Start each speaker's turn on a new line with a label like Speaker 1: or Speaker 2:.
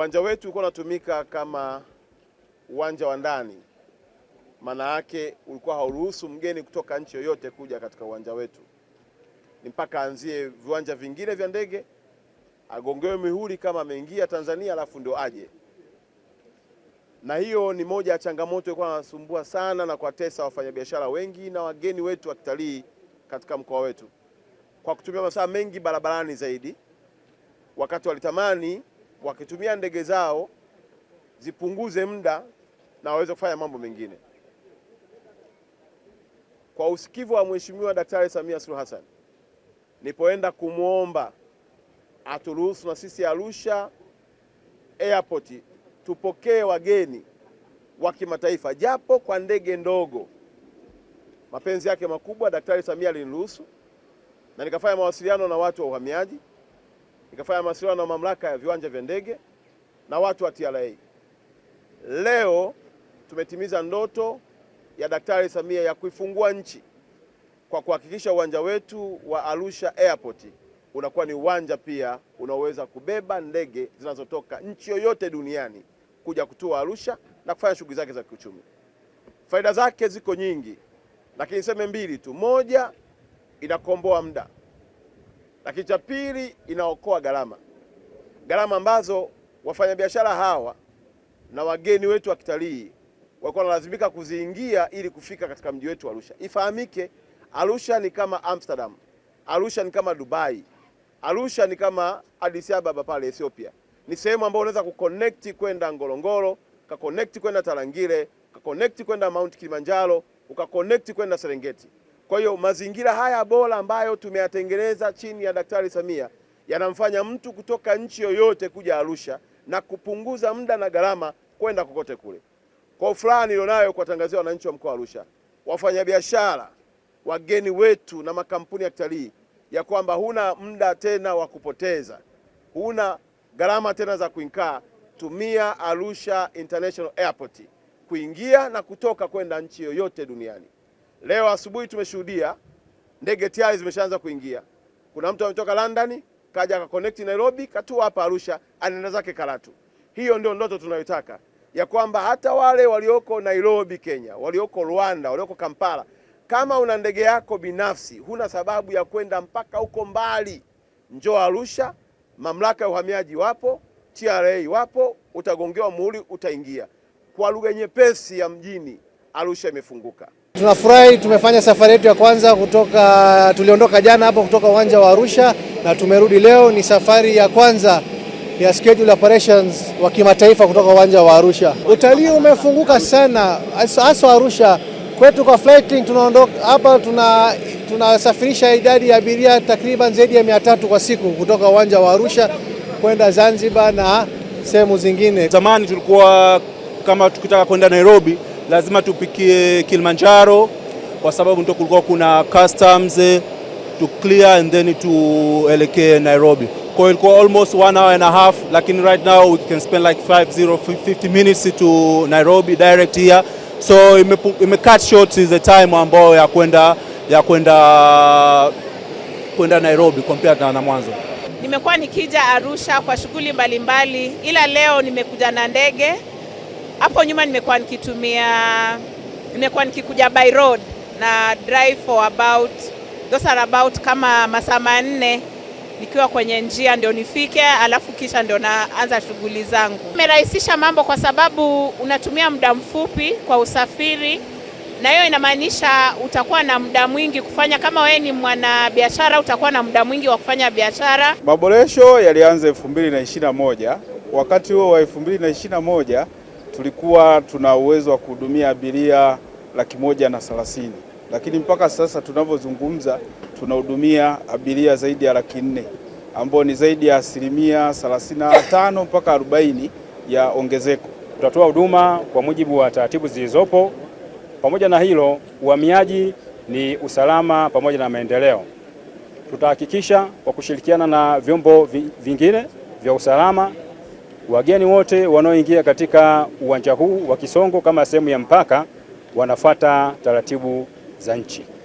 Speaker 1: Uwanja wetu ulikuwa unatumika kama uwanja wa ndani, maana yake ulikuwa hauruhusu mgeni kutoka nchi yoyote kuja katika uwanja wetu, ni mpaka anzie viwanja vingine vya ndege agongewe mihuri kama ameingia Tanzania, alafu ndio aje. Na hiyo ni moja ya changamoto ilikuwa inasumbua sana na kuwatesa wafanyabiashara wengi na wageni wetu wa kitalii katika mkoa wetu, kwa kutumia masaa mengi barabarani zaidi, wakati walitamani wakitumia ndege zao zipunguze muda na waweze kufanya mambo mengine. Kwa usikivu wa Mheshimiwa Daktari Samia Suluhu Hassan, nipoenda kumwomba aturuhusu na sisi Arusha Airport tupokee wageni wa kimataifa japo kwa ndege ndogo. Mapenzi yake makubwa, Daktari Samia aliniruhusu na nikafanya mawasiliano na watu wa uhamiaji nikafanya mawasiliano na mamlaka ya viwanja vya ndege na watu wa TRA. Leo tumetimiza ndoto ya Daktari Samia ya kuifungua nchi kwa kuhakikisha uwanja wetu wa Arusha Airport unakuwa ni uwanja pia unaoweza kubeba ndege zinazotoka nchi yoyote duniani kuja kutua Arusha na kufanya shughuli zake za kiuchumi. Faida zake ziko nyingi, lakini niseme mbili tu. Moja, inakomboa muda. Lakini cha pili, inaokoa gharama, gharama ambazo wafanyabiashara hawa na wageni wetu wa kitalii walikuwa wanalazimika kuziingia ili kufika katika mji wetu Arusha. Ifahamike, Arusha ni kama Amsterdam, Arusha ni kama Dubai, Arusha ni kama Addis Ababa pale Ethiopia. Ni sehemu ambayo unaweza kuconnect kwenda Ngorongoro, ukaconnect kwenda Tarangire, ukaconnect kwenda Mount Kilimanjaro, ukaconnect kwenda Serengeti. Kwa hiyo mazingira haya bora ambayo tumeyatengeneza chini ya Daktari Samia yanamfanya mtu kutoka nchi yoyote kuja Arusha na kupunguza muda na gharama kwenda kokote kule. Kwa furaha nilionayo kuwatangazia wananchi wa mkoa wa Arusha, wafanyabiashara, wageni wetu na makampuni ya kitalii ya kwamba huna muda tena wa kupoteza, huna gharama tena za kuinkaa. Tumia Arusha International Airport kuingia na kutoka kwenda nchi yoyote duniani. Leo asubuhi tumeshuhudia ndege tayari zimeshaanza kuingia. Kuna mtu ametoka London kaja akaconnect Nairobi, katua hapa Arusha, anaenda zake Karatu. Hiyo ndio ndoto tunayotaka ya kwamba hata wale walioko Nairobi Kenya, walioko Rwanda, walioko Kampala, kama una ndege yako binafsi, huna sababu ya kwenda mpaka huko mbali, njoo Arusha. Mamlaka ya uhamiaji wapo, TRA wapo, utagongewa muhuri, utaingia. Kwa lugha nyepesi ya mjini, Arusha imefunguka.
Speaker 2: Tunafurahi tumefanya safari yetu ya kwanza kutoka, tuliondoka jana hapo kutoka uwanja wa Arusha na tumerudi leo. Ni safari ya kwanza ya schedule operations wa kimataifa kutoka uwanja wa Arusha. Utalii umefunguka sana, hasa Arusha kwetu. Kwa flighting tunaondoka hapa, tuna tunasafirisha idadi ya abiria takriban zaidi ya mia tatu kwa siku kutoka uwanja wa Arusha kwenda Zanzibar na sehemu zingine.
Speaker 3: Zamani tulikuwa kama tukitaka kwenda Nairobi lazima tupikie Kilimanjaro kwa sababu ndio kulikuwa kuna customs eh, to clear and then tuelekee Nairobi. Kwa hiyo ilikuwa almost one hour and a half, lakini right now we can spend like 50 50 minutes to Nairobi direct here, so ime, ime cut short is the time ambayo ya kwenda ya kwenda kwenda Nairobi compared na mwanzo.
Speaker 4: Nimekuwa nikija Arusha kwa shughuli mbalimbali, ila leo nimekuja na ndege. Hapo nyuma nimekuwa nikitumia, nimekuwa nikikuja by road na drive for about those are about kama masaa manne nikiwa kwenye njia ndio nifike, alafu kisha ndio naanza shughuli zangu. Imerahisisha mambo kwa sababu unatumia muda mfupi kwa usafiri, na hiyo inamaanisha utakuwa na muda mwingi kufanya. Kama wewe ni mwanabiashara, utakuwa na muda mwingi wa kufanya biashara.
Speaker 5: Maboresho yalianza 2021 wakati huo wa 2021 tulikuwa tuna uwezo wa kuhudumia abiria laki moja na thelathini, lakini mpaka sasa tunavyozungumza tunahudumia abiria zaidi ya laki nne ambao ni zaidi ya asilimia tano mpaka arobaini ya ongezeko.
Speaker 6: Tutatoa huduma kwa mujibu wa taratibu zilizopo. Pamoja na hilo, uhamiaji ni usalama pamoja na maendeleo. Tutahakikisha kwa kushirikiana na vyombo vingine vya usalama Wageni wote wanaoingia katika uwanja huu wa Kisongo kama sehemu ya mpaka wanafuata taratibu za nchi.